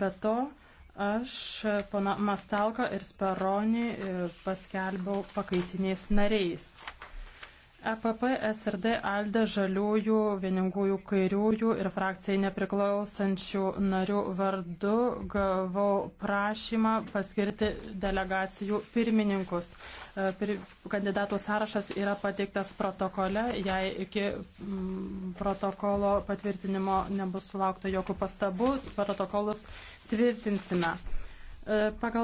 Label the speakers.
Speaker 1: Be to, aš pana Mastalką ir Speronį e, paskelbiau pakaitiniais nariais. EPP, SRD, ALDE, Žaliųjų, Vieningųjų kairiųjų ir frakcijai nepriklausančių narių vardu gavau prašymą paskirti delegacijų pirmininkus. E, kandidatų sąrašas yra pateiktas protokole. Jei iki mm, protokolo patvirtinimo nebus sulaukta jokių pastabų, protokolus
Speaker 2: tvirtinsime. E, pagal